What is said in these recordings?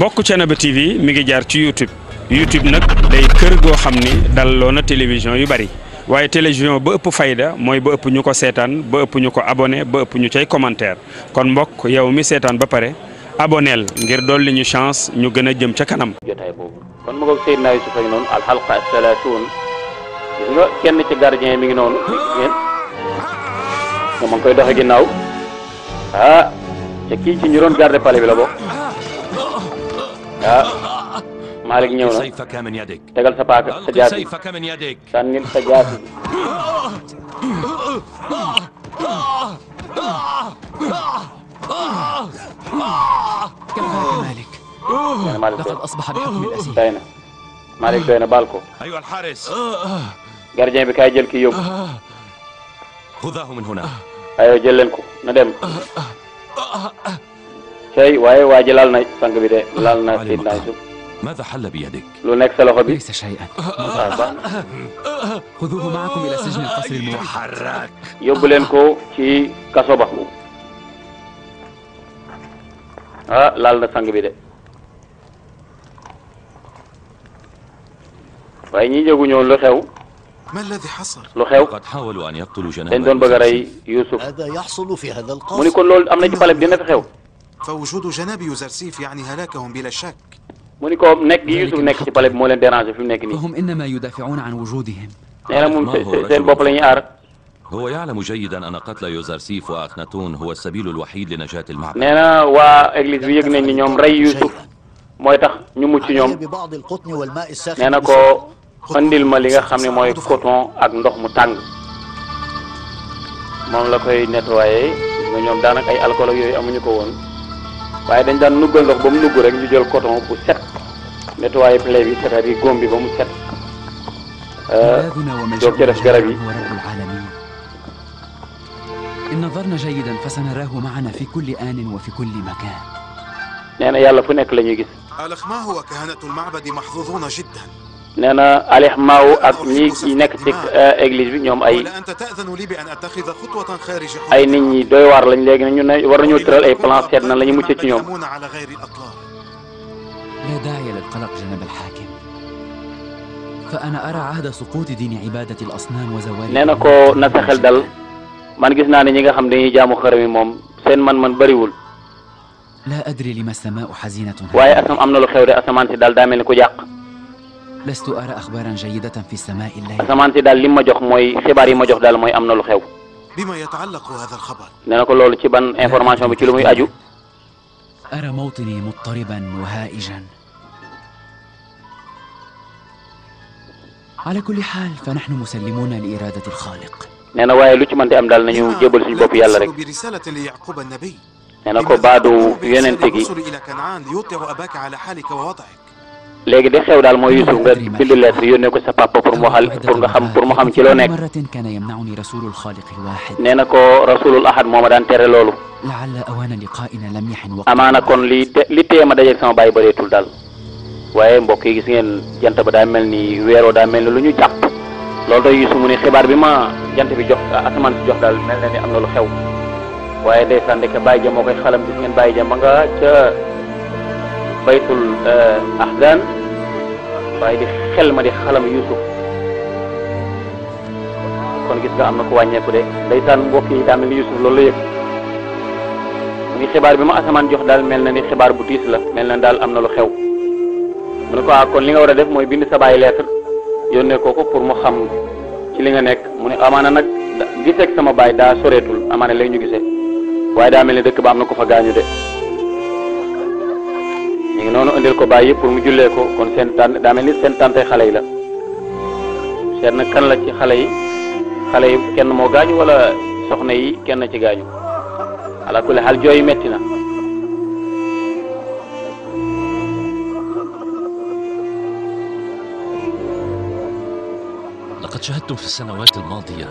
mbokk Thiénaba TV mi ngi jaar ci YouTube YouTube nag day kër goo xam ni dalloo na télévision yu bari waaye télévision ba ëpp fayda mooy ba ëpp ñu ko seetaan ba ëpp ñu ko abonné ba ëpp ñu cay commentaire kon mbokk yow mi seetaan ba pare aboneel ngir dolli ñu chance ñu gën a jëm ca kanam. boobu kon mu ngoog Seydina Yusufa ngi noonu alxalqa salaatuun gis nga mi ngi noonu ngeen moom ma koy doxe ginnaaw ah ca kii ci ñu doon garder bi la bokk. ah Malick ñëw na tegal sa paaka sa jaasi sànnil sa jaasi nee na Malick doy na Malick doy na baal ko gardien bi kaay jël kii yóbbu aywa jël leen ko na dem. Ah, ah, ah, tey waaye waa ji laal na sang bi de laal na Seydina Yuusuf. ماذا حل بيدك؟ lu nekk sa loxo bi. ليس شيئا. خذوه معكم إلى سجن القصر yóbbu leen ko ci kaso ba. Ah, lal laal na sang bi de. waaye ñi jógu ñoon lu xew. ما الذي حصل؟ lu xew. قد حاولوا أن يقتلوا جنازة. dañ doon bëgg a rey Yuusuf. هذا يحصل في هذا القصر. mu ni kon loolu am na ci palais bi xew. فوجود جناب يوزرسيف يعني هلاكهم بلا شك mu ni ko nekk Yuusuf nekk ci palais bi moo leen déranger fi mu nekk nii. فهم إنما يدافعون عن وجودهم. nee na moom seen bopp la ñuy aar. هو يعلم جيدا أن قتل يوزرسيف وأخناتون هو السبيل الوحيد لنجاة المعبد. nee na waa église bi yëg nañ ni ñoom rey Yuusuf mooy tax ñu mucc ñoom. nee na ko andil ma li nga xam ne mooy coton ak ndox mu tàng. moom la koy nettoyé nga ñoom daanak ay alcool ak yooyu amuñu ko woon. waaye dañ daan nuggal ndox ba mu nugg rek ñu jël coton bu set nettoyé plaie bi c'est-à-dire góom bi ba mu set doog euh, ca def garab yi in nadarna jayidan fa sanaraahu maana fi kulli aanin wa fi kulli makaan nee na yàlla fu nekk la ñuy gis nee na alihmaaw ak ni nekk ci euh, église bi ñoom ay ay nit ñi doy lañ léegi ñu war nañoo tëral ay plan seet na la ñu mucc ci ñoom. لا داعي للقلق جناب الحاكم فأنا أرى عهد سقوط دين عبادة الأصنام وزوال nee na ko na sa xel dal man gis naa ne ñi nga xam dañuy jaamu xërëm moom seen man-man bëriwul. لا أدري لما السماء حزينة waaye asam am na lu xew de asamaan si daal daa ni ku jàq. لست أرى أخبارا جيدة في السماء الليل asamaan si daal li ma jox mooy xibaar yi ma jox daal mooy am na lu xew بما يتعلق هذا الخبر nee na ko loolu ci ban information bi ci lu muy aju أرى موطني مضطربا وهائجا على كل حال فنحن مسلمون لإرادة الخالق nee na waaye lu ci mënti am daal nañu jébal suñu bopp yàlla rek برسالة ليعقوب النبي nee na ko baadu yonente gi يطلع أباك على حالك ووضعك léegi de xew daal mooy Yuusuf nga bind lettre yónnee ko sa papa pour mu xal pour nga xam pour mu xam ci loo nekk nee na ko rasulul ahad a ma daan tere loolu amaana kon li te li téema dajeeg sama bàyyi bëreetul daal waaye mbokk yi gis ngeen jant ba daa mel ni weeroo daa mel ni lu ñu jàpp loolu tax Yuusuf mu ne xibaar bi ma jant bi jox asamaan jox daal mel na ni am na lu xew waaye ndeysaan ndeke bàyyi ja moo koy xalam gis ngeen bàyyi ja baytul eh, ahzan waaye di xel ma di xalam yusuf kon gis nga am na ko wàññeeku de ndeysaan mbokk yi daa mel ni yusuf loolu la yëg ni xibaar bi ma asamaan jox daal mel na ni xibaar bu tiis la mel na daal am na lu xew mu ne ko ah kon li nga war a def mooy bind sa bàyyi lettre yónnee ko ko pour mu xam ci li nga nekk mu ne amaana nag giseeg sama baay daa soreetul amaana léegi ñu gisee waaye daa mel ni dëkk ba am na ko fa gaañu de ñu ngi noonu indil ko bàyyi pour mu jullee ko kon seen tànn daa mel ni seen tànte xale yi la seet nag kan la ci xale yi xale yi kenn moo gaañu wala soxna yi kenn ci gaañu ala kulli xaal jooy metti na laqad shahadtum fi sanawaati almaadiya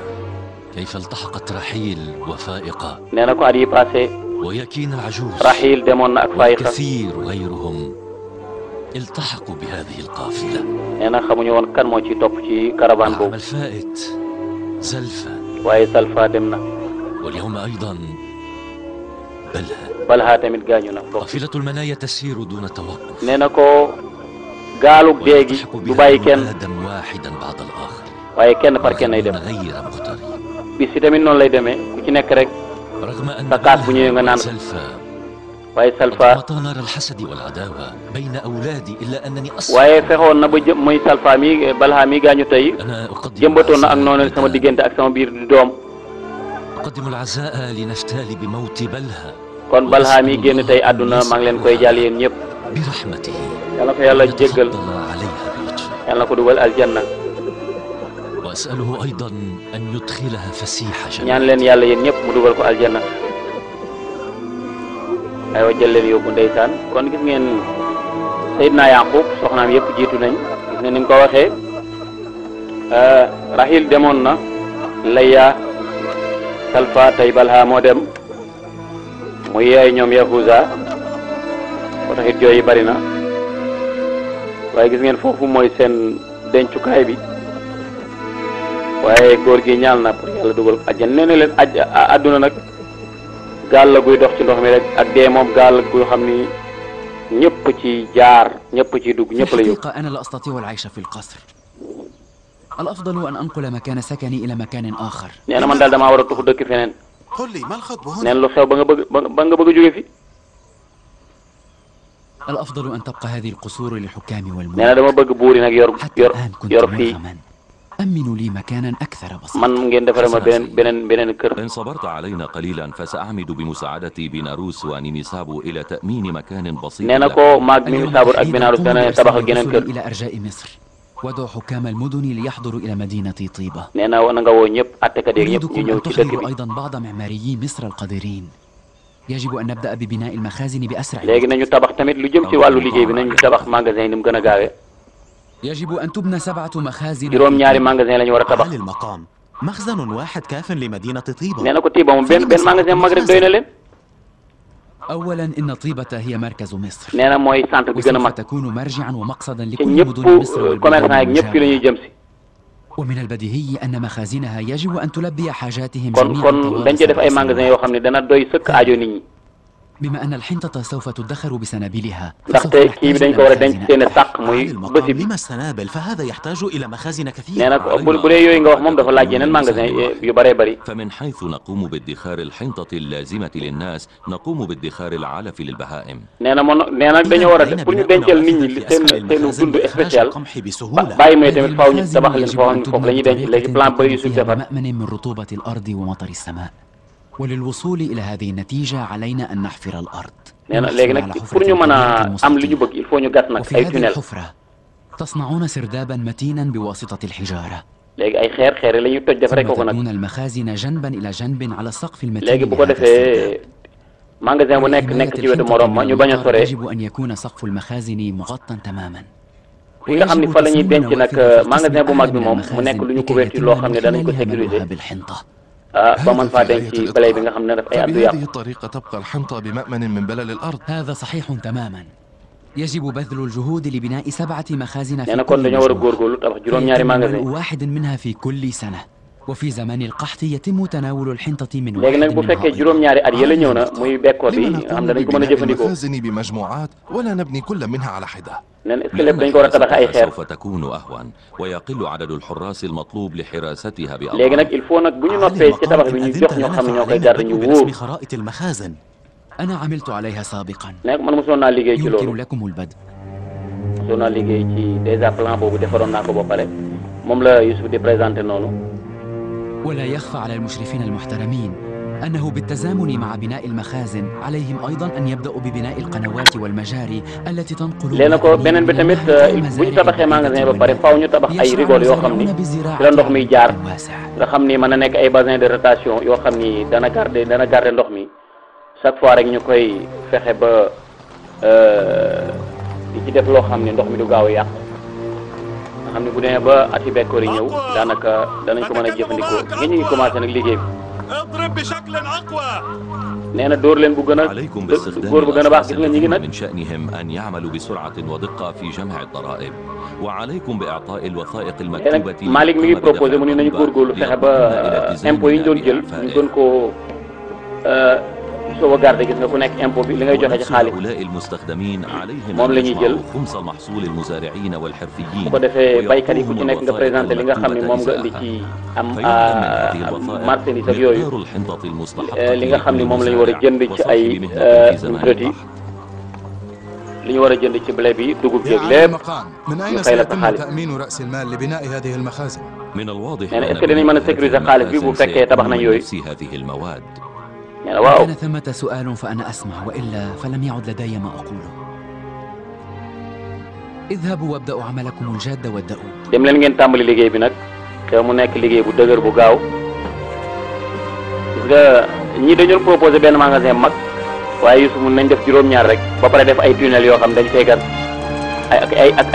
kayfa iltaxaqat raxiil wa faa'iqa nee na ko at yi passé raxiil demoon na ak fayxa nee na xamuñu woon kan moo ci topp ci caravane boobu waaye Salfa dem na Balha tamit gaañu na nee na ko gaalug dee gi du bàyyi kenn waaye kenn par kenn ay dem bis yi tamit noonu lay demee ku ci nekk rek. sa kaas bu ñëwee nga naan waaye salfa waaye fexoon na ba jë muy salfa mi balha mi gaañu tey jëmbatoon na ak noonu sama diggante ak sama biir doom kon balha mi génn tey àdduna maa ngi leen koy jàll yéen ñëpp yal na ko yàlla jéggal yal na ko dugal aljanna وأسأله أيضا أن يدخلها فسيح ñaan leen yàlla yéen ñëpp mu dugal ko aljanna aywa jël leen yóbbu ndeysaan kon gis ngeen Seydina Yaqub soxnaam yëpp jiitu nañ gis ngeen ni mu ko waxee euh, Rahil demoon na Layya Salfa tey Balha moo dem mu yeey ñoom Yahuza moo taxit jooyi bari na waaye gis ngeen foofu mooy seen dencukaay bi waaye góor gi ñaan na pour yàlla dugal ko àjjan leen aj àdduna nag gaal la guy dox ci ndox mi rek ak dee moom gaal guy xam ni ñëpp ci jaar ñëpp ci dugg ñëpp la yóbbu. أنا لا أستطيع العيش في القصر. الأفضل أن أنقل مكان سكني إلى مكان آخر. nee na man daal damaa war a tuxu dëkk feneen. nee na lu xew ba nga bëgg ba nga bëgg a jóge fi. الأفضل أن تبقى هذه القصور للحكام والملوك. nee na dama bëgg buur yi nag yor yor yor fii. أمنوا لي مكانا أكثر بساطة man ngeen defaral ma beneen beneen beneen kër. إن صبرت علينا قليلا فسأعمد بمساعدتي بيناروس ونيميسابو إلى تأمين مكان بسيط. nee na ko maag Nimisaabuur ak Binaaruus dana tabaxal geneen kër. إلى أرجاء مصر ودع حكام المدن ليحضروا إلى مدينة طيبة. nee na woon nga woo ñëpp àttekat yeeg ñëpp ñu ñëw ci dëkk bi. أيضا بعض معماريي مصر القادرين. يجب أن نبدأ ببناء المخازن بأسرع. léegi nañu tabax tamit lu jëm ci wàllu liggéey bi nañu tabax magasin yi ni mu gën a gaawee. يجب أن تبنى سبعة مخازن juróom ñaari magasin la ñu war a tabax. للمقام مخزن واحد كاف لمدينة طيبة nee na ko Tiiba moom benn benn magasin mag rek doy na leen. أولا إن طيبة هي مركز مصر. nee na mooy centre bi gën a mag. تكون مرجعا ومقصدا لكل مدن مصر والبلاد commerçant yeeg ñëpp fi la ñuy jëm si. ومن البديهي أن مخازنها يجب أن تلبي حاجاتهم. kon kon dañ ci def ay magasin yoo xam ne dana doy sëkk aajo nit ñi. بما أن الحنطة سوف تدخر بسنابلها ndaxte kii bi dañ ko war a denc seen sàq muy bësi bi السنابل فهذا يحتاج إلى مخازن كثيرة nee na bu dee yooyu nga wax moom dafa laaj yeneen magasin yu bëree bëri فمن حيث نقوم بادخار الحنطة اللازمة للناس نقوم بادخار العلف للبهائم nee na moom nee na dañoo war a def pour ñu dencal nit ñi seen seenu dund spécial bàyyi mooy tamit faaw ñu tabax leen foofu la ñuy denc léegi plan bëri yu suñ defar مأمن من رطوبة الأرض ومطر السماء وللوصول إلى هذه النتيجة علينا أن نحفر الأرض nee na léegi nag pour ñu mën a am li ñu bëgg il faut ñu gas nag ay tunnel تصنعون سردابا متينا بواسطة الحجارة léegi ay xeer xeer la ñuy toj def rek ko nag تبنون المخازن جنبا إلى جنب على السقف المتين léegi bu ko defee magasin bu nekk nekk ci wetu morom ma ñu bañ a sore يجب أن يكون سقف المخازن مغطى تماما fi nga xam ne fa la ñuy denc nag magasin bu mag bi moom mu nekk lu ñu couvert loo xam ne danañ ko sécuriser بالحنطة ba mën faa denc ci blé bi nga xam ne daf ay addu yàqu. nee na kon dañoo war a góorgóorlu tabax juróom-ñaari magasin. وفي زمان القحط يتم تناول الحنطة من léegi nag bu fekkee juróom-ñaari at yële ñëw na muy bekkoor bi xam ne dañ ko mën a jëfandikoo المخازن بمجموعات ولا نبني كل منها على حدة nee na est-ce que lépp dañ ko war a tabax ay xeer سوف تكون أهون ويقل عدد الحراس المطلوب لحراستها بأمر léegi nag il faut nag bu ñu noppee ci tabax bi ñu jox ñoo xam ne ñoo koy garde ñu wóor خرائط المخازن أنا عملت عليها سابقا nag man mosoon naa liggéey ci loolu يمكن لكم البدء mosoon naa liggéey ci déjà plan boobu defaroon naa ko ba pare moom la Youssouf di présenté noonu ولا يخفى على المشرفين المحترمين أنه بالتزامن مع بناء المخازن عليهم أيضا أن يبدأوا ببناء القنوات والمجاري التي تنقل لأن كو بنن بتمت بني تبخي مانغازين بباري فاو نيو تبخ أي ريغول يو خمني لا نdox مي جار nga xam ni mën na nekk ay bassin de rotation yoo xam ni dana garder dana garder ndox mi chaque fois rek ñu koy fexe ba di ci def loo xam ni ndox mi du gaaw a yàq xam ne bu demee ba ati bekkoor yi ñëw daanaka danañ ko mën a jëfandikoo ngeen ñu ngi commencé nag liggéey bi nee na dóor leen bu gën a dóor bu gën a baax gis nga ñi ngi nag Malick mi ngi proposé mu ne nañu góorgóorlu fexe ba euh, impôts yi ñu doon jël ñu doon ko euh, sauvegarde gis nga ku nekk impôt bi li ngay joxe ci xaalis moom la ñuy jël bu ko defee baykat yi ku ci nekk nga présenté li nga xam ne moom nga indi ci am marchandise ak yooyu li nga xam ne moom la ñu war a jënd ci ay produits li ñu war a jënd ci blé bi dugub jeeg lépp ñu fay la sa xaalis nee na est-ce que dinañ mën a sécuriser xaalis bi bu fekkee tabax nañ yooyu يعني واو كان ثمة سؤال فأنا أسمع وإلا فلم يعد لدي ما أقوله اذهبوا وابدأوا عملكم الجاد وابدأوا dem leen ngeen tàmbali liggéey bi nag que mu nekk liggéey bu dëgër bu gaaw parce que ñii dañu proposé benn magasin mag waaye Youssouf mun nañ def juróom-ñaar rek ba pare def ay tunnel yoo xam dañ fay ay ak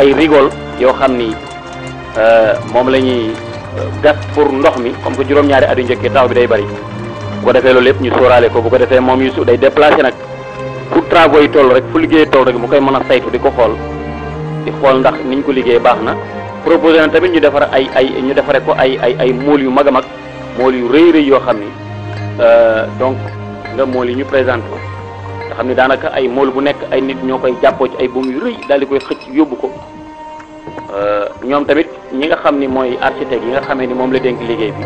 yoo xam ni euh, moom lañuy ñuy euh, gas pour ndox mi comme que juróom-ñaari at yu njëkk taw bi day bari. bu ko defee loolu yëpp ñu sóoraale ko bu ko defee moom Youssou day déplacé nag fu travaux yi toll rek fu liggéey tool rek mu koy mën a saytu di ko xool di xool ndax niñ ko liggéey baax na proposé na tamit ñu defar ay ay ñu defare ko ay ay ay yu mag a mag mool yu rëy rëy yoo xam ni euh, donc nga mool yi ñu présenté ko nga xam ni daanaka ay mool bu nekk ay nit ñoo koy jàppoo ci ay buum yu rëy daal di koy xëcc yóbbu ko euh, ñoom tamit ñi nga xam ni mooy architecte yi nga xamee ni moom la dénk liggéey bi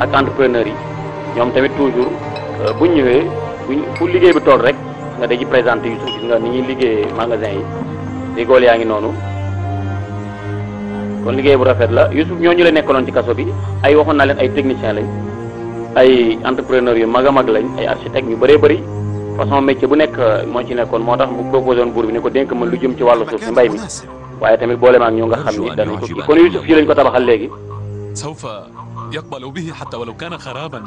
ak entrepreneur yi ñoom tamit toujours euh, bu ñu ñëwee buñ fu liggéey bi toll rek nga da ji présente yu gis nga ni ñuy liggéey magasin yi rigool yaa ngi noonu kon liggéey bu rafet la Youssouf ñooñu la nekkaloon ci kaso bi ay waxoon naa leen ay technicien lañ ay entrepreneurs yu mag a mag lañ ay architectes ñu bëree bëri façon métier bu nekk euh, moo ci nekkoon moo tax mu proposé woon buur bi ni ko dénk ma lu jëm ci wàllu suuf si mbay mi waaye tamit boolemaak ñoo nga xam ni danañ ko kii kon Youssouf fii lañ ko tabaxal léegi يقبل به حتى ولو كان خرابا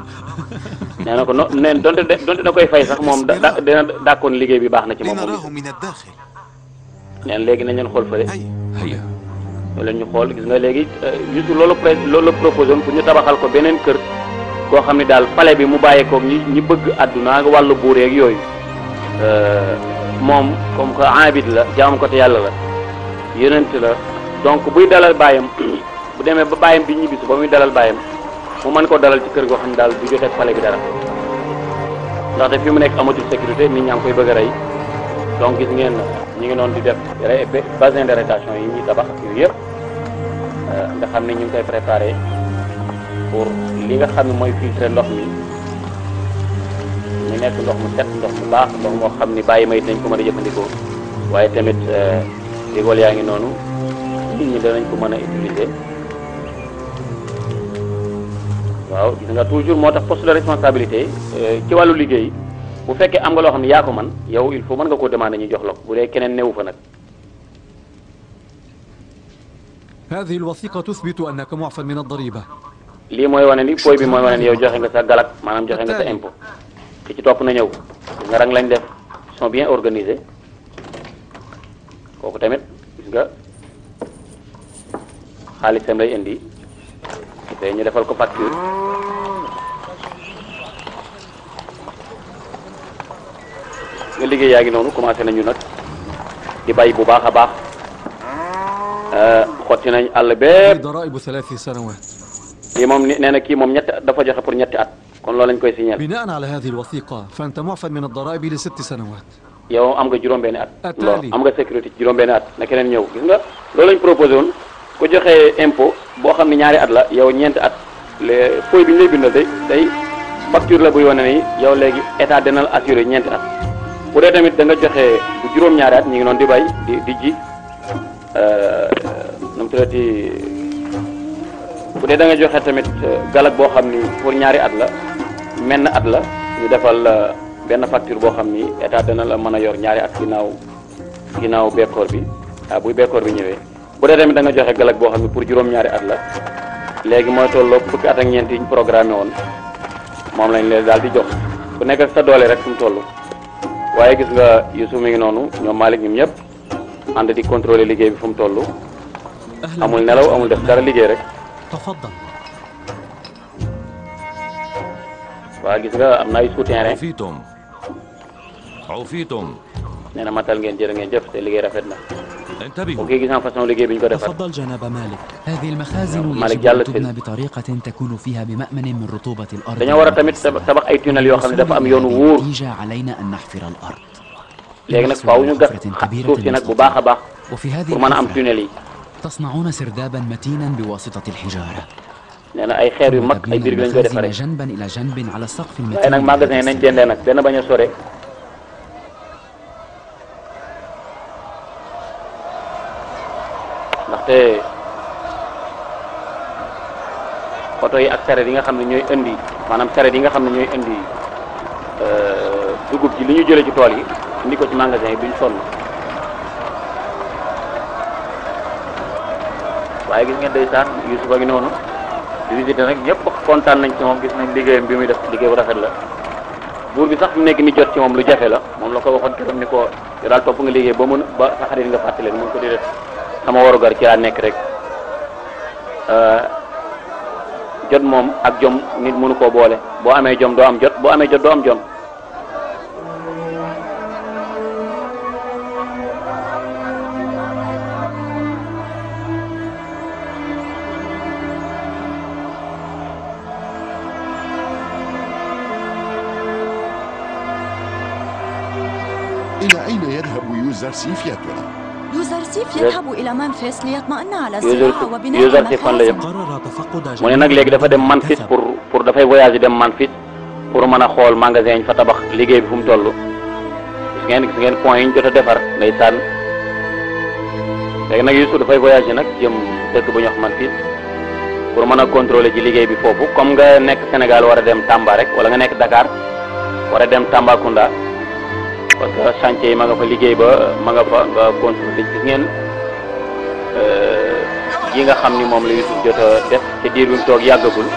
nee na ko no neen donte de donte da koy fay sax moom da dina dàkkoon liggéey bi baax na ci moom moom neen léegi nañ leen xool fële ñoo leen ñu xool gis nga léegi euh, juste loolu pré loolu ñu tabaxal ko beneen kër koo xam ne daal pale bi mu bàyyeekoog ñi ñi bëgg àdduna wàllu buureeg yooyu euh, moom comme que abid la jaam ko te yàlla la yonent la donc buy dalal bàyyam bu demee ba bàyyam bi ñibbisi ba muy dalal bàyyam mu mën koo dalal ci kër goo xam ne daal du jotee pale bi dara ndaxte fi mu nekk amatul sécurité nit ñaa ngi koy bëgg a rey donc gis ngeen ñu ngi noonu di def rey bassin de rétention yi ñuy tabax ak yooyu yëpp euh, nga xam ne ñu ngi koy préparé pour li nga xam ne mooy filtrer ndox mi ñu nekk ndox mu set ndox mu baax ndox moo xam ni bàyyi may dañ ko mën a jëfandikoo waaye tamit euh, digool yaa ngi noonu nit ñi danañ ko mën a utiliser waaw gis nga toujours moo tax poste de responsabilité euh, ci wàllu liggéey bu fekkee am nga loo xam ne yaa ko man yow il faut mën nga koo demander ñu jox la ko bu dee keneen newu fa nag هذه الوثيقة تثبت أنك معفى من الضريبة lii mooy wane ni poy bi mooy wane ni yow joxe nga sa galak maanaam joxe nga sa impôt ki ci top na ñëw gis nga rang lañ def sont bien organisés kooku tamit gis nga xaalisam lay indi defee ñu defal ko facture nga liggéey yaa ngi noonu commencé nañu nag di bàyyi bu baax a baax euh, xotti nañ àll bépp kii moom nee na kii moom ñetti dafa joxe pour ñetti at kon loolu lañ koy signal بناء على هذه الوثيقة فأنت معفى من الضرائب لست سنوات yow am nga juróom benni at loolu am nga sécurité juróom-benn at na keneen ñëw gis proposé woon ko joxe impôt boo xam ne ñaari at la yow ñeenti at le feuille bi ñu lay bindal day day facture la bu yone ni yow léegi état na la assuré ñeenti at bu dee tamit da nga joxe bu juróom-ñaari at ñu ngi noonu di bay di di ji euh, nu mu tuddati bu dee da nga joxe tamit euh, galak boo xam ni pour ñaari at la menn at la ñu defal benn facture boo xam ni état na la mën a yor ñaari at ginnaaw ginnaaw bekkoor bi ah buy bekkoor bi ñëwee bu dee tamit da nga joxe galak boo xam ne pour juróom-ñaari at la léegi mooy tolloog fukki at ak ñeent ñu programmé woon moom lañ leen daal di jox bu nekk ak sa doole rek fu mu toll waaye gis nga Youssouf mi ngi noonu ñoom Malick ñoom ñëpp ànd di contrôler liggéey bi fu mu toll amul nelaw amul def dara liggéey rek waaw gis nga am na ay souterrain nee na matal ngeen jërë ngeen jëf te liggéey rafet na انتبهوا تفضل جناب مالك هذه المخازن مالك يجب أن تبنى بطريقة تكون فيها بمأمن من رطوبة الأرض dañoo war a tamit tabax ay tunnel yoo xam ne dafa am yoon wóor علينا أن نحفر الأرض léegi nag faaw ñu gas suuf si nag bu baax a baax pour mën a am tunnel yi تصنعون سردابا متينا بواسطة الحجارة nee na ay xeer yu mag ay birig lañ koy defaree جنبا إلى جنب على السقف المتين waaye nag magasin yi nañ jëndee nag dana bañ a sore te oto yi ak saret yi nga xam ne ñooy indi maanaam saret yi nga xam ne ñooy indi euh, dugub ji li ñu jëlee ci tool yi indi ko ci magasin yi duñ sonn waaye gis ngeen ndeysaan Yuusufa ngi noonu di visité nag ñëpp kontaan nañ ci moom gis nañ liggéeyam bi muy def liggéey bu rafet la buur bi sax mu nekk ni jot ci moom lu jafe la moom la ko waxoon keroog ni ko daal topp nga liggéey ba mën ba sa nga fàttali leen mën ko di def sama warugar ci laa nekk rek euh, jot moom ak jom nit mënu koo boole boo amee jom doo jot boo amee jot doo am jom Yuzarsif yadhabu ila fan la jëm mu ne nag léegi dafa dem Memphis pour pour dafay voyager dem man Memphis pour mën a xool magasin fa tabax liggéey bi fu mu toll gis ngeen gis ngeen point yi ñu jot a defar ngay sànn léegi nag Yuusuf dafay yi nag jëm dëkk bu ñu man Memphis pour mën a contrôler ci liggéey bi foofu comme nga nekk Sénégal war a dem Tamba rek wala nga nekk Dakar war a dem Tambacounda parce que chantier yi ma nga fa liggéey ba ma nga fa nga contrôlé gis ngeen euh, yi nga xam ni moom la Youssouf jot a def te diir bi mu toog yàggagul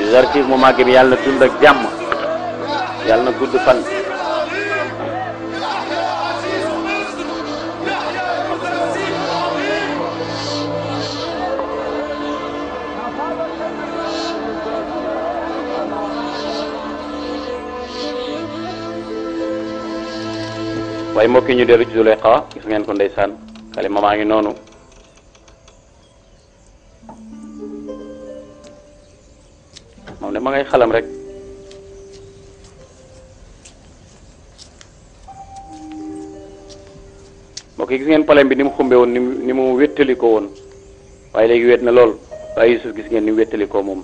Youssouf mu màgg bi yàlla na dund ak jàmm yàlla na gudd fan. waaye mbokk yi ñu dellu ci Zuleyxa gis ngeen ko ndeysaan xale mamaa ngi noonu moom de ma ngay xalam rek mbokk yi gis ngeen palem bi ni mu xumbe woon ni mu ni mu wéttali ko woon waaye léegi wét na lool waaye Yuusuf gis ngeen ni mu wéttali ko moom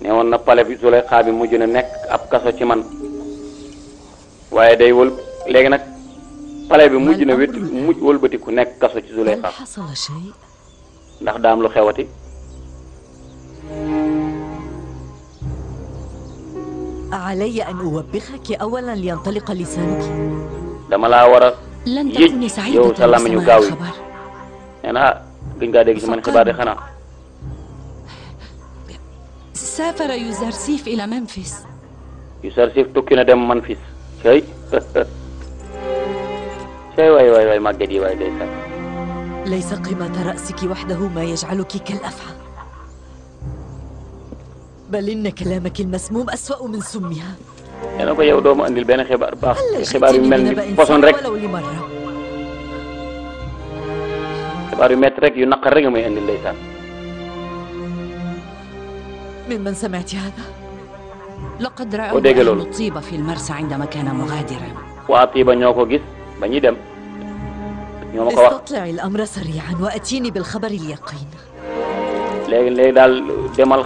ne woon na pale bi Zuleyxa bi jën a nekk ab kaso ci man waaye day wël léegi nag palais bi mujj na wét mujj wëlbatiku nekk kaso ci Zuleyxa ndax daam lu xewati علي أن أوبخك أولا لينطلق لسانك dama laa war a yéej yow sa làmmiñu gaaw yi nee naa gëj ngaa dégg si man xibaar yi xanaa. سافر يوزرسيف إلى منفس. يوزرسيف tukki na dem Memphis. tey tey waay waay waay màgget yi waay ndeysaan. laysa qimata ra'siki wahdahu ma yaj'aluki kal-af'ى bal inna kalamaki al-masmum aswa'u min summiha. yéen a ko yow doo ma andil benn xibaar baax xibaar yu mel ni poson rek xibaar yu métti rek yu naqar rek nga may andil ndeysaan. mimman sami'ti hadha boo déggee loolu waa Tiiba ñoo ko gis ba ñuy dem ñoo ma ko wax léegi léegi daal demal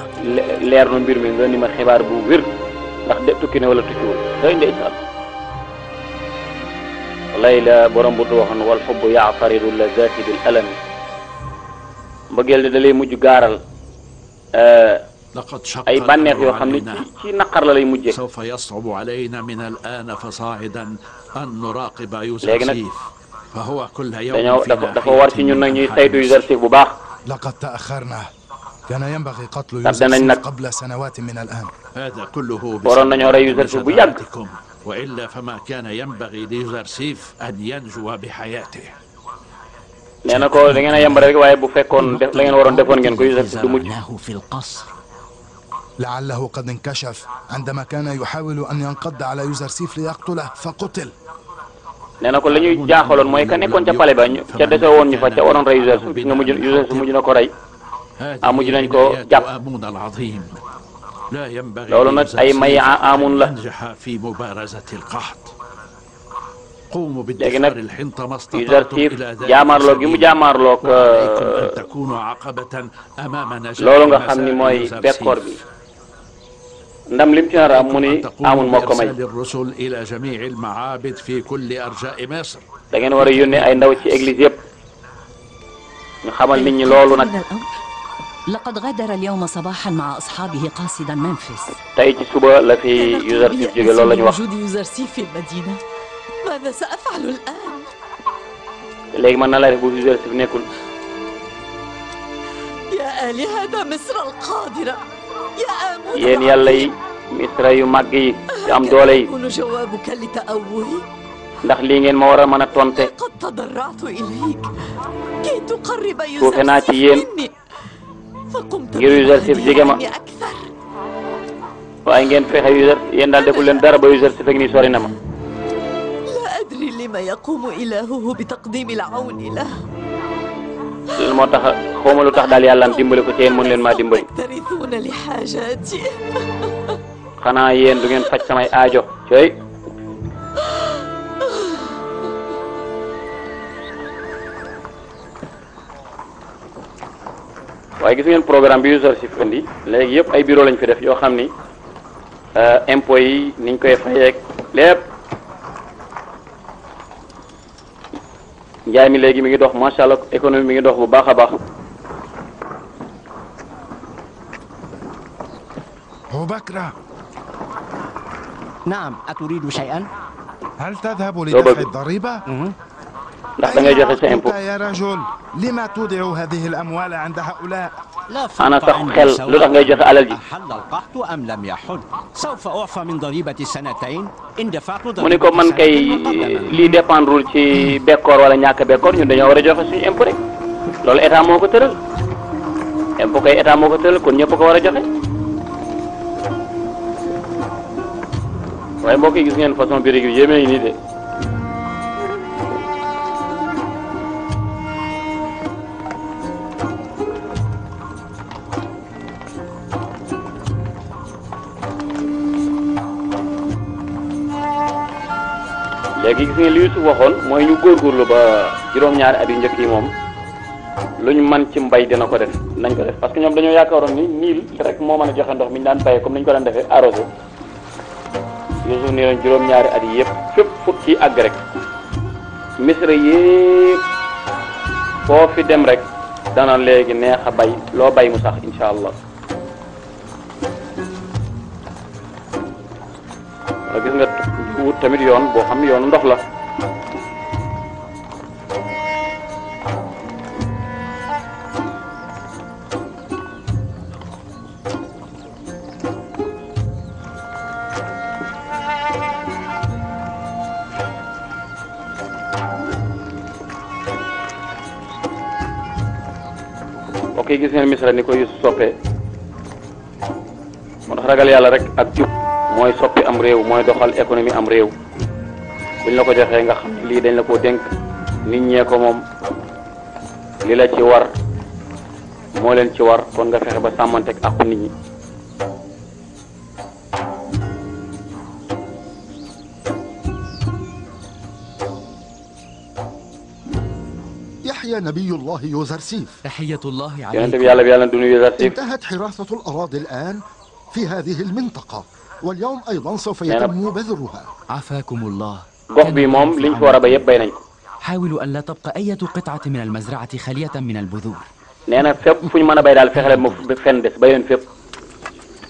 leer nu mbir mi nga ni ma xibaar bu wér ndax de tukki ne wala tukkiwul day ndeysaan wallaay la borom bu du waxoon wal xubbu yaataridu lazati bil alami mbëggeel de da lay mujj gaaral ay bànneex yoo xam ne ci ci naqar la lay mujjee léegi nag dañoo dafa dafa war ci ñun nag ñuy saytu Yuusuf bu baax. tabda nañ nag waroon nañoo rey Yuusuf bu yàgg. nee na ko da ngeen a yemb rek waaye bu fekkoon def la ngeen waroon defoon ngeen ko Yuusuf du mujj. لعله قد انكشف عندما كان يحاول أن ينقض على يوزرسيف ليقتله فقتل nee na ko la ñuy jaaxaloon mooy ka nekkoon ca pale ba ca dese woon ñu fa ca waroon rey Yuusuf gis nga mujj Yuusuf mujj na ko rey ah mujj nañ ko jàpp loolu nag ay may amun la léegi nag Yuusuf jaamaarloo gi mu jaamaarloo euh, loolu nga xam ni mooy bekkoor bi. ndam lim ci nar am mu ni amul moo ko may da ngeen war a yónnee ay ndaw ci église yëpp ñu xamal nit ñi loolu nag laqad gadara al-yawma sabahan ma'a ashabihi qasidan Memphis tey ci suba la fi Yuzarsif jóge loolu la ñu wax léegi man na laa def bu Yuzarsif nekkul ya ahli hada misr al-qadira yéen yàlla yi misra yu màgg yi te am doole yi ndax lii ngeen ma war a mën a tonte suufe naa ci yéen ngir Yuusuf jege ma waaye ngeen fexe Yuusuf yéen daal deful leen dara ba Yuusuf fekk nii sori na ma. loolu moo tax xawma lu tax daal yàlla am dimbali ko ci yéen mën leen maa dimbali xanaa yéen du ngeen faj samay aajo cooy waaye gis ngeen programme bi user si fëndi léegi yëpp ay bureau lañ fi def yoo xam ni euh, impôts yi niñ koy fayeek lépp njaay mi léegi mi ngi dox macha allah économie mi ngi dox bu baax a baax. بكرة نعم أتريد شيئا هل تذهب لدفع الضريبة أنت يا رجل لما تودع هذه الأموال عند هؤلاء ana sax xel lu tax ngay joxe alal ji mu ni ko man kay lii dépendre ci bekkoor wala ñàkk bekkoor ñun dañoo war a joxe suñu impôt rek loolu état moo ko tëral impôt kay état moo ko kon ñëpp ko war a joxe waaye mbokk yi gis ngeen façon biir yu nii de gi gis nga li Yuusuf waxoon mooy ñu góorgóorlu ba juróom-ñaari at yu njëkk yi moom lu ñu man ci mbay dina ko def nañ ko def parce que ñoom dañoo yaakaaroon ni niil rek moo mën a joxe ndox mi ñu daan bayee comme ni ko daan defee arrosé Yuusuf nee na juróom-ñaari at yi yëpp fépp fu ci àgg rek misra yëpp foo fi dem rek dana léegi neex a bay loo bay mu sax incha allah gis nga wut tamit yoon boo xam yoonu ndox la ok gis ngeen misra ni ko Yuusuf soppee moo tax ragal yàlla rek ak jub mooy sopp am réew mooy doxal économie am réew buñ la ko joxee nga xam lii dañ la koo dénk nit ko moom li la ci war len leen ci war kon nga fexe ba sàmmanteeg àqu nit ñi نبي الله يوزرسيف تحية الله عليكم يا يعلم دون يوزرسيف انتهت حراسة الأراضي الآن في واليوم أيضا سوف يتم بذرها عافاكم الله gox bi moom liñ fi war a bay yëpp bay nañ ko حاولوا ألا تبقى أي قطعة من المزرعة خالية من البذور nee na fépp fu ñu mën a bay daal fexe leen ma fenn des bay leen fépp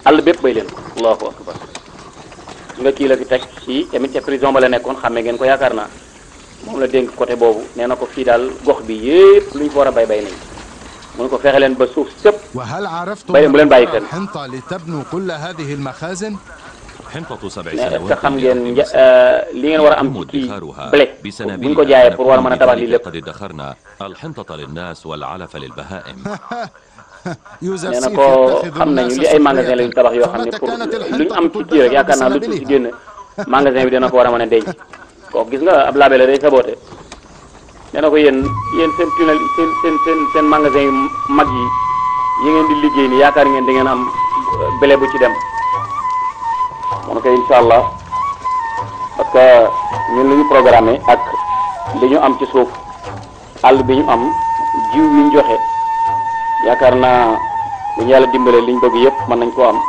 àll bépp bay leen ko allahu akbar kii la fi teg kii tamit ca ba la nekkoon xammee ngeen ko yaakaar naa moom la dénk côté boobu nee na ko fii daal gox bi yëpp lu ñu fi war a bay bay nañ mu ne ko fexe leen ba suuf sëpp bay bu leen bàyyi fenn te xam ngeen nja euh, li ngeen war a am ci kii blé bu ñu ko jaayee pour war a mën a tabax lii lépp nee na ko xam nañu li ay magasin la ñu tabax yoo xam ne pour lu ñu am ci kii rek yaakaar naa lu ci génn magasin bi dana ko war a mën a denc kooku gis nga ab labé la day saboté nee ko yéen yéen seen tunnel seen seen magasin mag yi yi ngeen di liggéey ni yaakaar ngeen di ngeen am euh, bële bu ci dem mu ne ko incha allah parce que ñun lu ñu programmé ak li ñu am ci suuf àll bi ñu am jiw yi ñu joxe yaakaar naa bu ñu yàlla dimbalee liñ bëgg yëpp mën nañ koo am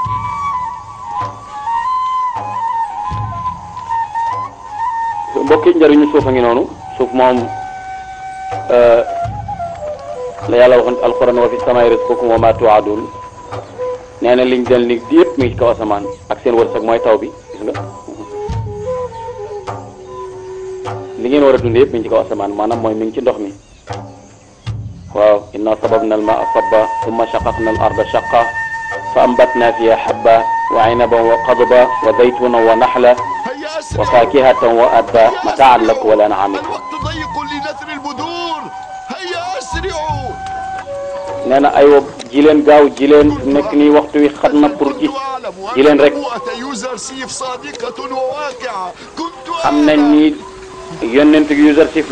mbokki njariñu suuf a ngi noonu suuf moom Euh, la yàlla waxoon ci alquran wa fi samaay rizqukum wa ma tuadun nee na liñ den lig di yëpp mi ngi ci kaw asamaan ak seen wërsëg mooy taw bi gis nga li ngeen war a dund yëpp mi ngi ci kaw asamaan maanaam mooy mi ngi ci ndox mi waaw inna sababna al maa sabba thumma shaqaqna al arda shaqqa fa ambatna fiha habba wa aynaban wa qadba wa zaytuna wa naxla wa fakihatan wa adba mataan lakum wa lan'amikum nee na aywa ji leen gaaw ji waxtu wi xat na pour ji ji leen rek xam nañ ni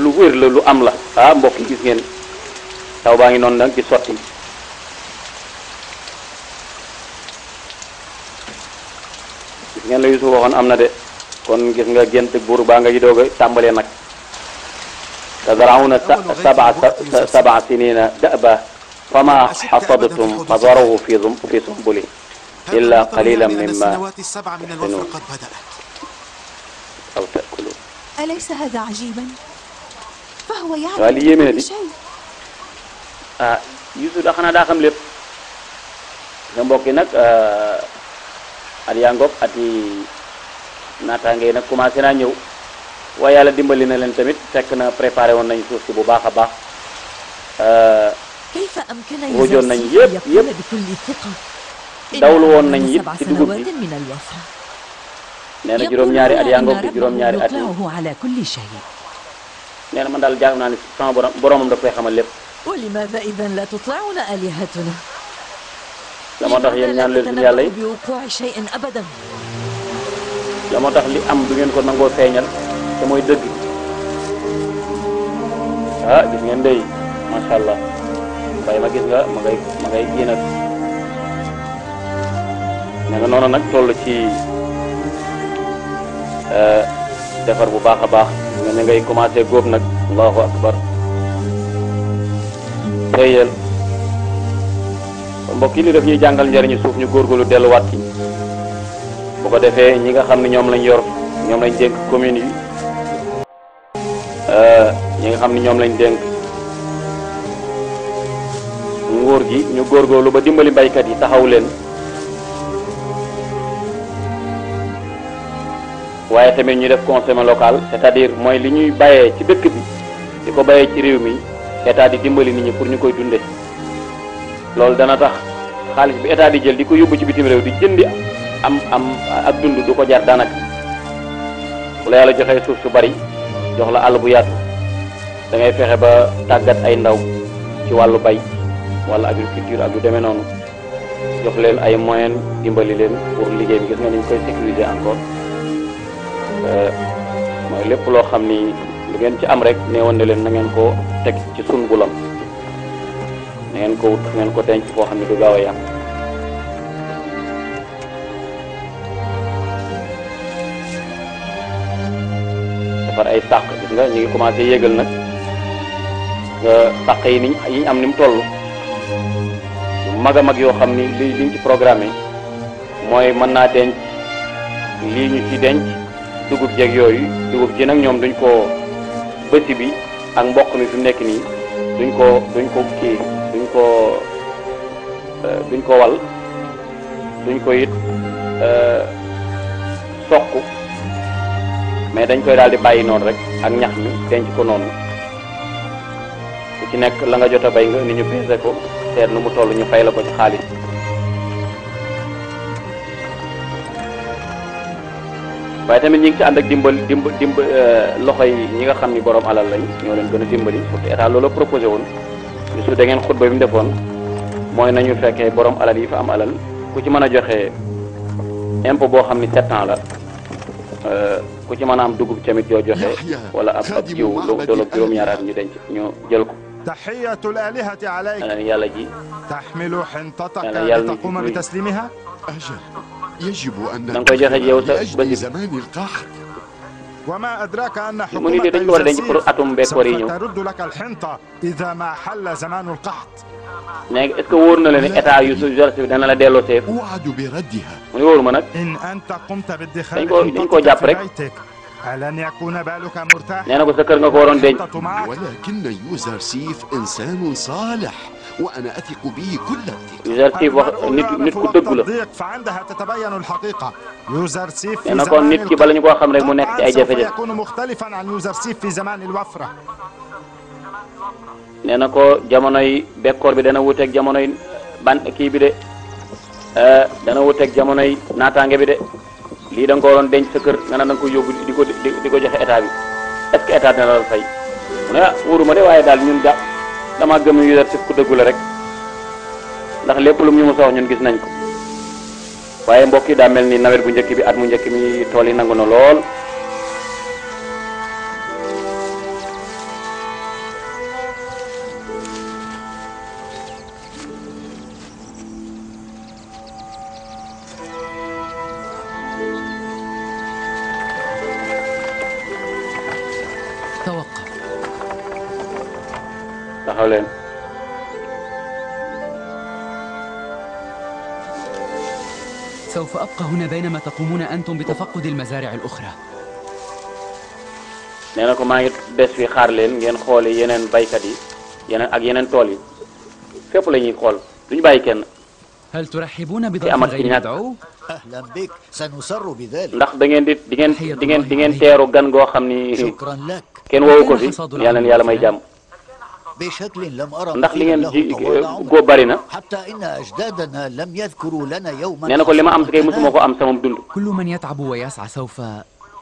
lu wér lu am la ah gis ngeen baa ngi noonu nag di sotti gis ngeen la Yuusuf waxoon am na de kon gis nga gént buur baa nga ji doog a tàmbalee nag tazrauna sab'a sab'a sinina da'ba fama xasadtum fadaruhu fi fi sumbuli illa qalilan mimma taxsinun aw taakuluun alaysa haadaa ajiiban waaw li yéeme na di ah Yuusu da xanaa daa xam lépp sa mbokk yi nag at yaa ngoog at yi naataange nag commencé naa ñëw waaye yàlla dimbali na leen tamit fekk na préparé woon nañu suuf si bu baax a baax am wóojoon nañ yëpp daw dawlu woon nañ it ci dugub bi nee juróom-ñaari at yaa ngoog di juróom-ñaari at yi nee na man daal jàng naa ne sama borom boromam da koy xamal lépp. ولماذا إذا لا تطيعون آلهتنا؟ la moo tax yéen ñaan leen suñu yàlla yi. la moo tax li am du ngeen ko nangoo feeñal te mooy dëgg ah gis ngeen dey macha allah. mbay ma gis nga ma ngay ma ngay génn ak ña nga noonu nag toll ci eh, defar bu baax a baax nga ña ngay commencé góob nag allahu akbar sëyeel kon mbokk yi li ñuy jàngal njëriñu suuf ñu góorgóorlu delluwaat ci bu ko defee ñi nga xam ne ñoom lañ yor ñoom lañ dénk commune yi eh, ñi nga xam ne ñoom lañ dénk nguur gi ñu góor góorgóorlu ba dimbali baykat yi taxaw leen waaye tamit ñu def consommé local cest à mooy li ñuy bàyyee ci dëkk bi di ko bàyyee ci réew mi état di dimbali nit ñi pour ñu koy dunde loolu dana tax xaalis bi état di jël di ko yóbbu ci bitim réew di jëndi am am ak dund du ko jar daanaka bu la yàlla joxee suuf su bari jox la àll bu yaatu da fexe ba tàggat ay ndaw ci wàllu bay wala agriculture ak yu demee noonu jox leen ay moyens dimbali leen pour liggéey bi gis nga ni ñu koy sécuriser encore euh, mooy lépp loo xam ni lu ngeen ci am rek nee woon leen na ngeen ko teg ci sun bu lam na ko wut ngeen ko denc foo xam ne du gaaw a yàq defar ay sàq gis nga ñu ngi commencé yégal nag nga sàq yi niñ yi am ni mu toll mag a mag yoo xam ni li liñ ci programmé mooy mën naa denc lii ñu ci denc dugub jeeg yooyu dugub ji nag ñoom duñ ko bësi bi ak mbokk ni fi nekk nii duñ ko duñ ko kii duñ ko euh, duñ ko wal duñ ko it euh, soq mais dañ koy daal di bàyyi noonu rek ak ñax mi denc ko noonu ku ci nekk la nga jot a bay nga ni ñu peese ko seet nu mu toll ñu fay la ko ci xaalis waaye tamit ñi ngi ci ànd ak dimbal dimb dimb euh, loxo yi ñi nga xam ni borom alal lañ ñoo leen gën a dimbali surtout état loolu proposé woon bisu da ngeen xutba bi mu defoon mooy nañu fekkee borom alal yi fa am alal ku ci mën a joxe impôt boo xam ni sept ans la euh, ku ci mën a am dugub tamit yoo joxe wala ab ab jiw lu tolloog juróom-ñaaraat ñu denc ñu jël ko taxiyatul alihati alayk. maanaam yàlla ji. taxmilu xintataka. maanaam yàlla ji litaquma bitaslimiha. ajal yajibu an. da nga koy joxe yow sa bés. wa ma adraka anna xukumata. mu ni de dañ ko war a denc pour atum bekkoor yi ñëw. sawfa taruddu laka alxinta ida ma xalla zamanu alqaxt. mais est-ce que wóor na la ne état yu su jorsi bi dana la delloo seef. mu ni wóoruma nag. dañ koo dañ koo jàpp rek. ألن يكون بالك مرتاح؟ nee na ko sa kër nga ko waroon denc. ولكن يوزر سيف إنسان صالح وأنا أثق به كل الثقة. يوزر سيف wax nit nit ku dëgg la. فعندها تتبين الحقيقة. يوزر سيف nee na kon nit ki bala ñu koo xam rek mu nekk ci ay jafe-jafe. يكون مختلفا عن يوزر سيف في زمان الوفرة. nee na ko jamonoy bekkoor bi dana wuuteeg jamonoy ban kii bi de dana wuuteeg jamonoy naataange bi de. lii da nga ko waroon denc sa kër nga ne da yóbbu di ko di ko joxe état bi est-ce que état dina ah, de waaye daal ñun da damaa gëm yu def ku dëggu la rek ndax lépp lu mu ñu mos a ñun gis nañ ko waaye mbokk yi daa mel ni nawet bu njëkk bi at mu njëkk bi tool yi nangu na lool. أبقى هنا بينما تقومون أنتم بتفقد المزارع الأخرى nee na ko maa ngi des fi xaar leen ngeen xoole yeneen baykat yi yeneen ak yeneen tool yi fépp la ñuy xool duñu bàyyi kenn هل ترحبون بضيف غير مدعو؟ أهلا بك سنسر بذلك ndax da ngeen di di ngeen di ngeen di ngeen teeru gan goo xam ni شكرا لك kenn woowu ko fi yàlla na yàlla may jàmm بشكل لم أرى ndax li ngeen ji góob bari na حتى إن أجدادنا لم يذكروا لنا يوما nee na ko li ma am kay mosuma ko am sama dund كل من يتعب ويسعى سوف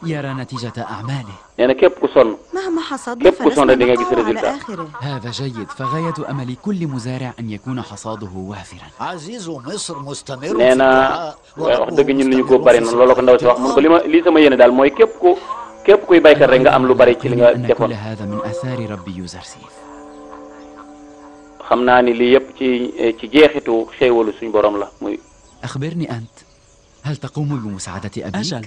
يرى نتيجة أعماله nee na képp ku sonn مهما حصد képp ku sonn rek di nga gis résultat هذا جيد فغاية أمل كل مزارع أن يكون حصاده وافرا عزيز مصر مستمر nee na wax dëgg ñun li ñu góob bari na loolu ko ndaw si wax mun ko li ma lii sama yéene daal mooy képp ku képp kuy baykat rek nga am lu bari ci li nga defoon xam naa ni lii yëpp ci eh, ci jeexitu xéewalu suñ borom la muy. أخبرني أنت هل تقوم بمساعدة أبيك؟ أجل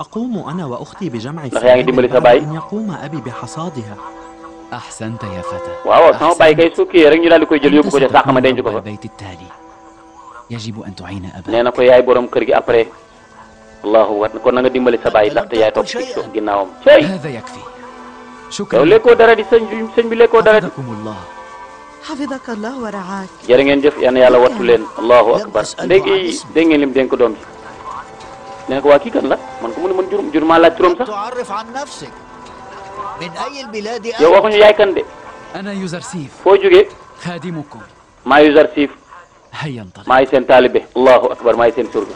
أقوم أنا وأختي بجمع فواكه أن يقوم أبي بحصادها أحسنت يا فتى waaw sama baay kay su kii rek ñu daal di koy jël yóbbu ko ca sàq ma denc ko fa البيت التالي يجب أن تعين أباك nee na ko yaay borom kër gi après allahu wat kon na nga dimbali sa baay ndaxte yaay topp ci ginnaawam هذا يكفي شكرا yow lekkoo dara di sëñ bi sëñ bi lekkoo dara di hafidakallah wa raak jërë ngeen jëf yal na yàlla wattu leen allahu akbar léegi dégg ngeen lim dénk doom ji nee na ko waa kii kan la man ko mu ne man jurum jur maa laaj turam sax yow waxuñu yaay kan de foo jógee maa yuzar siif maa ngi seen taalibe allahu akbar maa ngi seen surga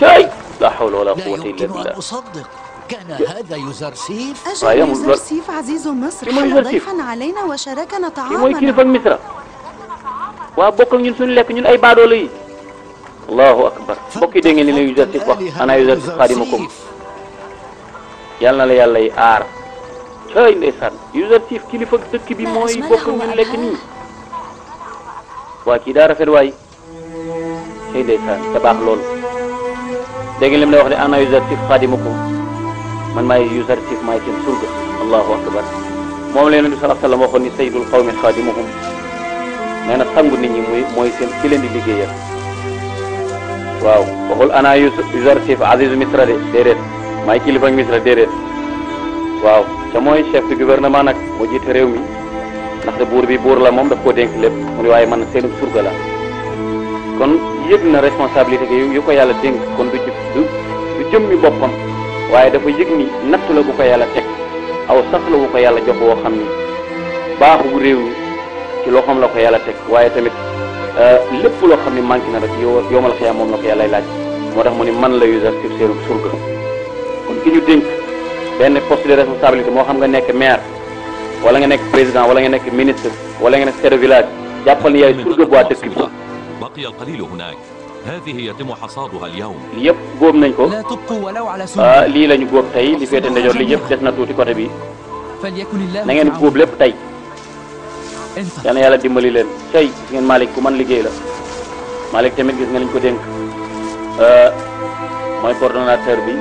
cay la hawla wala quwwata illa billah كان هذا يوزرسيف أجل يوزرسيف عزيز النصر حل ضيفا علينا وشاركنا طعامنا mooy kilifa Misra waa bokk ñun suñu lekk ñun ay baadoolo yi allahu akbar bokk yi dégg ngeen li ne Yuusuf wax ana Yuusuf xaadimakum yal na la yàlla yi aar cay ndeysaan Yuusuf kilifa dëkk bi mooy bokk ñun lekk nii waa kii daa rafet waay cay ndeysaan te baax loolu dégg ngeen li mu ne wax ne ana Yuusuf xaadimakum man maay usertif maay seen surga allahu akbar moom la yonent bi sallallahu alayhi wa sallam waxoon ni sayyidul qawmi xaadimuhum nee na sangu nit ñi mooy seen ki leen di liggéeyal waaw waxul ana usertif azizu misra de déedéet maay kilifa misra déedéet waaw ca mooy chef du gouvernement nag moo jiite réew mi ndaxte buur bi buur la moom daf koo dénk lépp mu ne waaye man seenum surga la kon yëg na responsabilité gi yu ko yàlla dénk kon du ci du jëmmi boppam waaye dafa yëg ni natt la bu ko yàlla teg aw sas la bu ko yàlla jox woo xam ni baaxu bu réew mi ci xam la ko yàlla teg waaye tamit euh, lépp loo xam ni manqué na rek yow yomal xiyaam moom la ko yàlla laaj moo tax mu ni man la usage sur seen surga kon ki ñu dénk benn poste de responsabilité moo xam nga nekk maire wala nga nekk président wala nga nekk ministre wala nga nekk chef de village jàppal ni yaay surga bu waa dëkk bi هذه يتم حصادها اليوم yëpp góob nañ ko lii la ñu góob tey li féete ndeyjoor li yëpp des na tuuti côté bi na ngeen góob lépp tey yal na yàlla dimbali leen tey gis ngeen Malick ku man liggéey la Malick tamit gis nga liñ ko dénk euh, mooy coordonnateur bi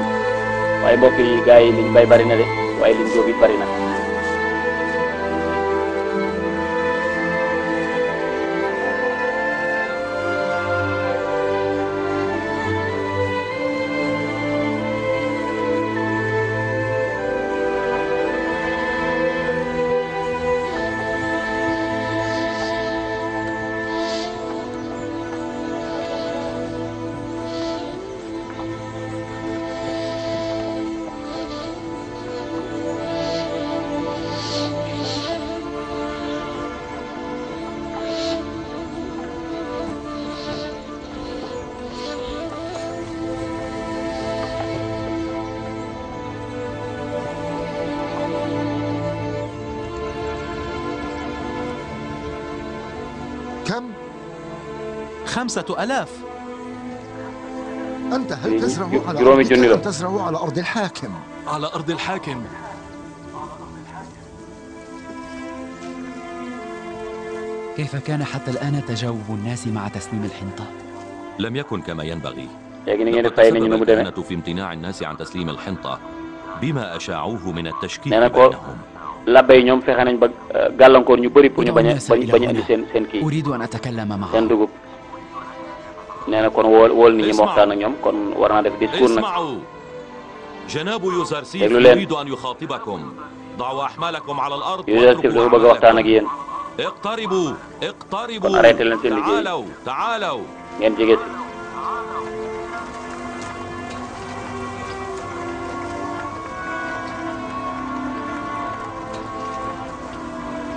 waaye mbokk yi gars yi liñ bay bari na de waaye liñ góob it bari na خمسة ألاف أنت هل تزرع على أرضك أم تزرع على أرض الحاكم؟ على أرض الحاكم كيف كان حتى الآن تجاوب الناس مع تسليم الحنطة؟ لم يكن كما ينبغي لقد تسبب الكهنة في امتناع الناس عن تسليم الحنطة بما أشاعوه من التشكيك بينهم labbe yi ñoom fexe nañ ba gàllankoor ñu bëri pour ñu bañ a bañ a indi seen seen kii seen dugub nee na kon wool wool nit ñi ma waxtaan ak ñoom kon war naa def discours nag déglu leen Yuzarsif dafa bëgg a waxtaan ak yéen kon arrêté leen seen liggéey ngeen jege si.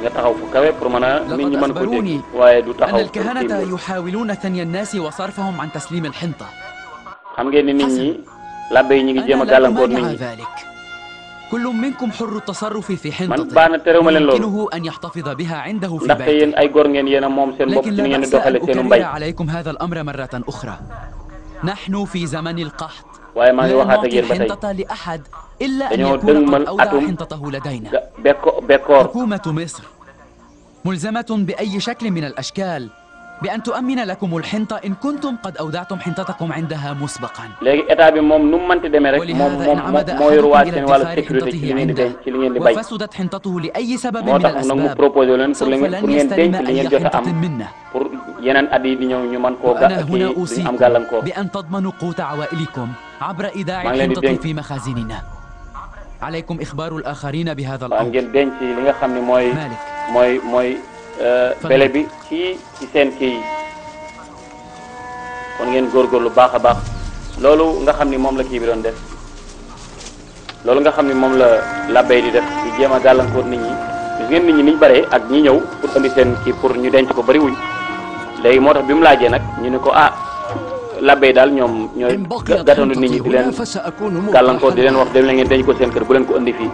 nga taxaw fu kawe pour mën a nit ñi mën ko dégg waaye du taxaw الكهنة يحاولون ثني الناس وصرفهم عن تسليم الحنطة xam ngeen ni nit ñi labbe yi ñu ngi jéem a gàllankoor nit ñi كل منكم حر التصرف في حنطته man baax na terewuma leen loolu يمكنه أن يحتفظ بها عنده في ndaxte yéen ay góor ngeen yéen a moom seen bopp ci ni ngeen di doxale seenu mbay لكن لا بأس أن أكرر عليكم هذا الأمر مرة أخرى نحن في زمن القحط waaye maa ngi waxaat ak yéen ba tey dañoo dëgmal atum bekko bekkoor. حكومة مصر ملزمة بأي شكل من الأشكال بأن تؤمن لكم الحنطة إن كنتم قد أودعتم حنطتكم عندها مسبقا ولهذا إن عمد أحدكم إلى ادخار حنطته عنده وفسدت حنطته لأي سبب من الأسباب سوف لن يستلم أي حنطة منه وأنا هنا أوصيكم بأن تضمنوا قوت عوائلكم عبر إيداع الحنطة في مخازننا عليكم إخبار الآخرين بهذا الأمر مالك télé euh, bi ci ci seen kii yi kon ngeen góorgóorlu baax a baax loolu nga xam ni moom la kii bi doon def loolu nga xam ni moom la labay di def di jéem a gàllankoor nit ñi gis ngeen nit ñi niñ bare ak ñi ñëw pour indi seen kii pour ñu denc ko bariwuñ léegi moo tax bi mu laajee nag ñu ne ko ah labay daal ñoom ñooy gàttandu nit ñi di leen gàllankoor di leen wax dem la ngeen denc ko seen kër bu leen ko indi fii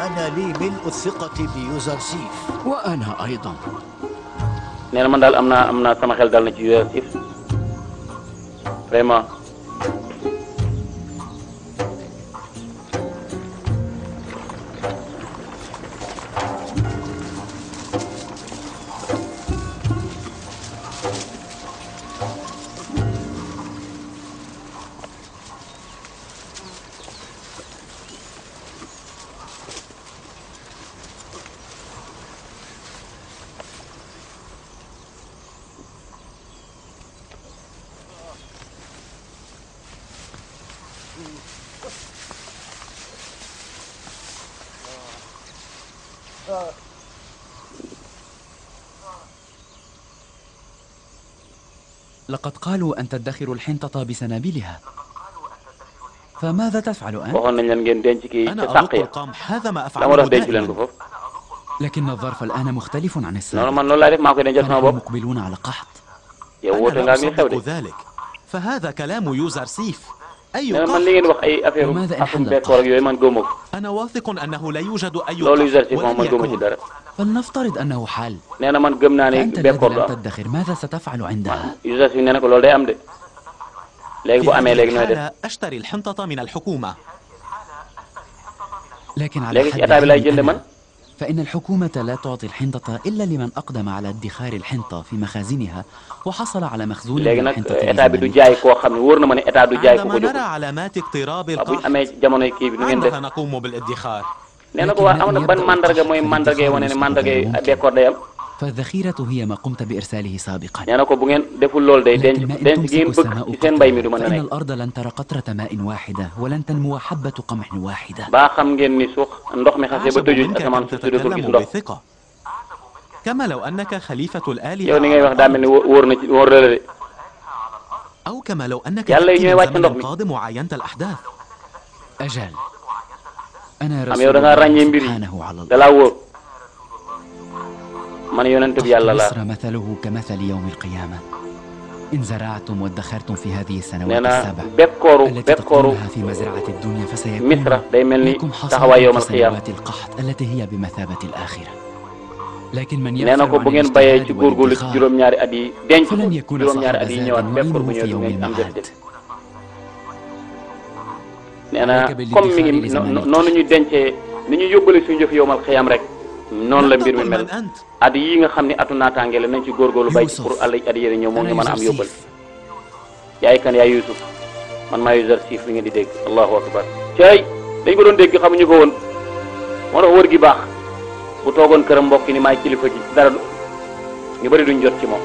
وأنا لي ملء الثقة بيوزرسيف وأنا أيضا nee na man daal am naa am naa sama xel dal na ci Youssouf vraiment لقد قالوا أن تدخر الحنطة بسنابلها فماذا تفعل أنت؟ أنا أرق القمح هذا ما أفعله دائما لكن الظرف الآن مختلف عن السابق نحن مقبلون على قحط أنا لا أصدق ذلك فهذا كلام يوزر سيف أي قحط وماذا إن حل القحط؟ أنا واثق أنه لا يوجد أي قحط وليكن فلنفترض أنه حل nee na man gëm naa ne bekkoor du am تدخر ماذا ستفعل عندها Youssef nee na ko loolu day am de léegi bu amee léegi nooy def أشتري الحنطة من الحكومة لكن على léegi ci état bi laay jënd man فإن الحكومة لا تعطي الحنطة إلا لمن أقدم على ادخار الحنطة في مخازنها وحصل على مخزون من الحنطة état bi du jaay koo xam ne wóor na ma ne état du jaay ko ko jóg عندما نرى علامات اقتراب القحط نقوم بالادخار nee na ko waa am na ban mandarga mooy mandarga yi wane ne mandarga yi bekkoor day am فالذخيرة هي ما قمت بإرساله سابقا nee na ko bu ngeen deful loolu day denc denc gi ngeen bëgg ci seen mbay mi du mën a nekk فإن الأرض لن ترى قطرة ماء واحدة ولن تنمو حبة قمح واحدة baa xam ngeen ni suux ndox mi xasee ba tëju asamaan suuf si dootul gis ndox كما لو أنك خليفة الآلهة yow ni ngay wax daa mel ni wóor na ci wóor la de أو كما لو أنك yàlla yi ñooy wàcc ndox mi قادم وعاينت الأحداث أجل am yow da ngaa ràññee mbir yi da laa wóor man yonent bi yàlla laa إن زرعتم وادخرتم في هذه السنوات السبع بكورو بكورو في مزرعة الدنيا فسيكون مصر دائما لكم حصاد يوم القيامة القحط التي هي بمثابة الآخرة لكن من يفعل عن اجتهاد والادخار فلن يكون صاحب زاد ولا في يوم المعاد nee na comme mi ngi noonu ñu dencee ni ñu yóbbale suñu jëf yowmal xiyam rek noonu la mbir mi mel at yii nga xam ne atu naataange la nañ ci góorgóorlu bay ci pour àll at yéene ñëw moom ñu mën a am yóbbal yaay kan yaay yusuf man maa yusar siif bi di dégg allahu akbar cay dañ ko doon dégg xamuñu ko woon moo tax wër gi baax bu toogoon këram mbokki ni maay kilifa gi dara ñu bëri duñ jot ci moom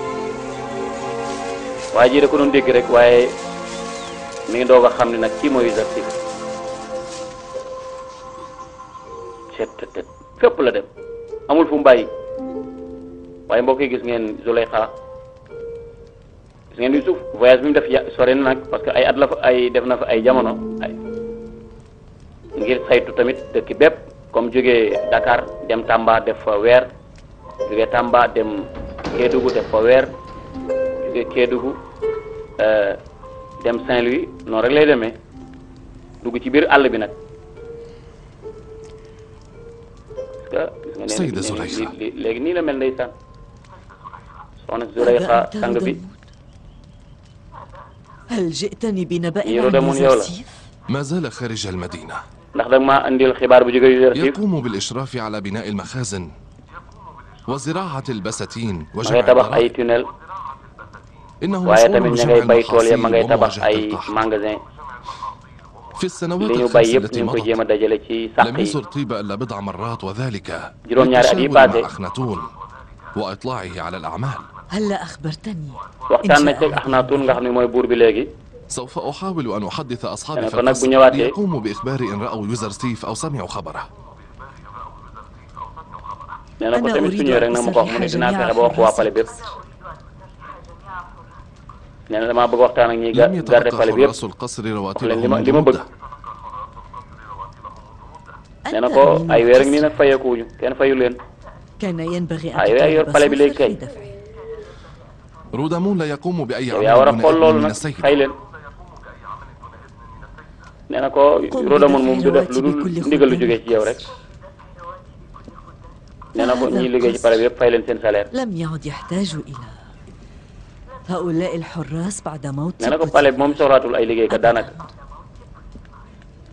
waaye jii da ko doon dégg rek waaye mi ngi doog a xam ne nag kii mooy yusar seet fépp la dem amul fu mu bàyyi waaye mbokk gis ngeen Zuleyxa gis ngeen Yusuf voyage bi mu def sore na nag parce que ay at la fa ay def na fa ay jamono ngir saytu tamit dëkk bépp comme jóge Dakar dem Tamba def fa weer jógee Tamba dem Kédougou def fa weer jógee Kédougou euh, dem Saint-Louis noonu rek lay demee dugg ci biir àll bi nag. que. Sayda Zuleyxa léegi nii la mel ndeysaan soxna Zuleyxa sang bi. hal ji'tani bi naba'in an Yuusuf. ما زال خارج المدينة. ndax da nga maa andil xibaar bu jógee Yuusuf. يقوم بالإشراف على بناء المخازن وزراعة البساتين وجمع tabax ay tunnel. إنه مسؤول عن شؤون المخازن ومواجهة القحط. li ñu bay yëpp ñu ngi koy jéem a dajale ci sàq yi juróom-ñaari at yi passé waxtaan nañ teg Axnaatuun nga xam ne mooy buur bi léegi. سوف أحاول أن أحدث أصحابي فقط ليقوموا بإخبار إن رأوا يوزر ستيف أو سمعوا خبره أنا أريد أن أصلح جميع nee na damaa bëgg waxtaan ak ñi garde palais bi yëpp li ma li ma bëgg nee na ko ay weer ak nii nag fayeekuwuñu kenn fayu leen ay weer yor palais bi léegi kay yow yaa war a xool loolu nag fay leen nee na ko Rodamun moom du def lu dul ndigal lu jógee ci yow rek nee na ko ñiy liggéey ci palais bi yëpp fay leen seen salaire. هؤلاء الحراس بعد موت nee na ko palais bi moom soxlaatul ay liggéeykat daanaka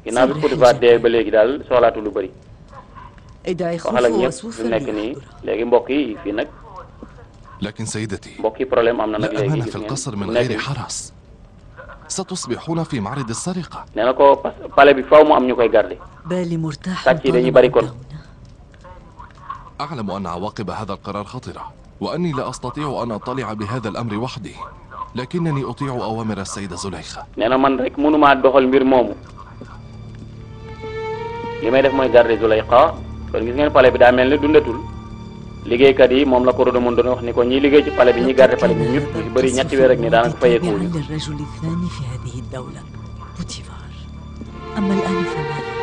ginnaaw bi Potifar dee ba léegi daal soxlaatul lu bëri waxal ak ñëpp lu nekk nii léegi mbokk yi fii nag لكن سيدتي mbokk yi problème am na nag لا أمان في القصر من غير حرس ستصبحون في معرض السرقة nee na ko palais bi faaw mu am ñu koy garder بالي مرتاح sàcc yi dañuy bëri kon أعلم أن عواقب هذا القرار خطرة وأني لا أستطيع أن أطلع بهذا الأمر وحدي لكنني أطيع أوامر السيدة زليخة neena man rek mënumaa doxal mbir moomu li may def mooy garder Zulayxa kon gis ngeen palais bi daa mel ni dundatul liggéeykat yi moom la ko Rodomon doon wax ni ko ñiy liggéey ci palais bi ñiy garder palais bi ñëpp ci bëri ñetti weer ak ni daanaka fayeekuwuñu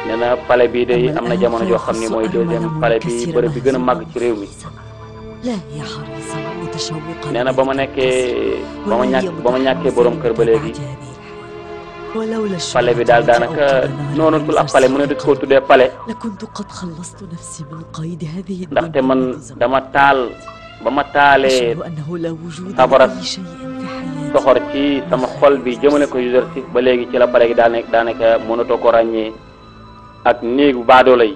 nee na palais bi day am na jamono joo xam ni mooy deuxième palais bi bërëb gën a ci réew mi nee na ba ma nekkee ba ma ñàkk ba ma ñàkkee borom kër ba léegi pale bi daal daanaka noonatul ab pale mu ne dëkk koo tuddee pale ndaxte man dama taal ba ma taalee sabarat soxor ci sama xol bi jëmale ko user si ba léegi ci la pale gi daanaka daanaka mënatoo ko ràññee ak néegu baadoola yi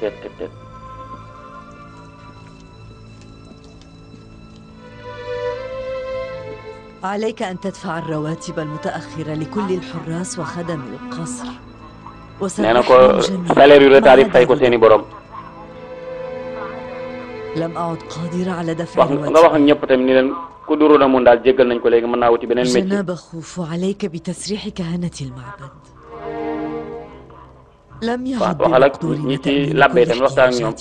Dead, dead, dead. عليك أن تدفع الرواتب المتأخرة لكل الحراس وخدم القصر وسنحن جميعا لم أعد قادرة على دفع الرواتب ku duru na moom daal jéggal nañ ko léegi mën naa wuti beneen métier. جناب خوف عليك بتسريح كهنة المعبد waxal ak ñi ci labbe tamit waxtaan ak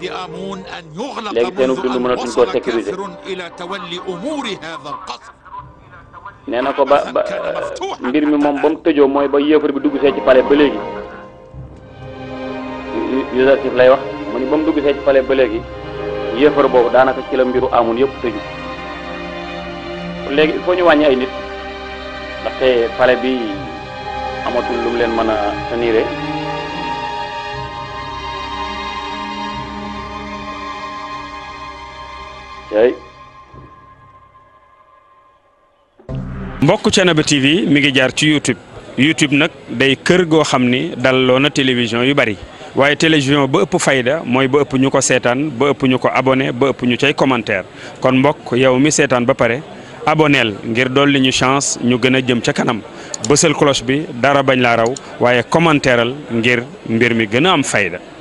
ñoom léegi seenu dund mënatuñ koo sécuriser nee na ko ba ba mbir mi moom ba mu tëjoo mooy ba yéefar bi dugg see ci palais ba léegi Yuusuf lay wax mu dugg see ci ba léegi yéefar boobu daanaka ci la mbiru amun yëpp tëju léegi il ay nit ndaxte palais bi amatul lu mu leen mën a tenire mbokk Thiénaba TV mi ngi jaar ci YouTube YouTube nag day kër goo xam ni dalloona na yu bari waaye télévision ba ëpp fayda mooy ba ëpp ñu ko seetaan ba ëpp ñu ko abonné ba ëpp ñu cay commentaire kon mbokk yow mi seetaan ba pare aboneel ngir dolli ñu chance ñu gën a jëm ca kanam bësal cloche bi dara bañ la raw waaye commentaireal ngir mbir mi gën a am fayda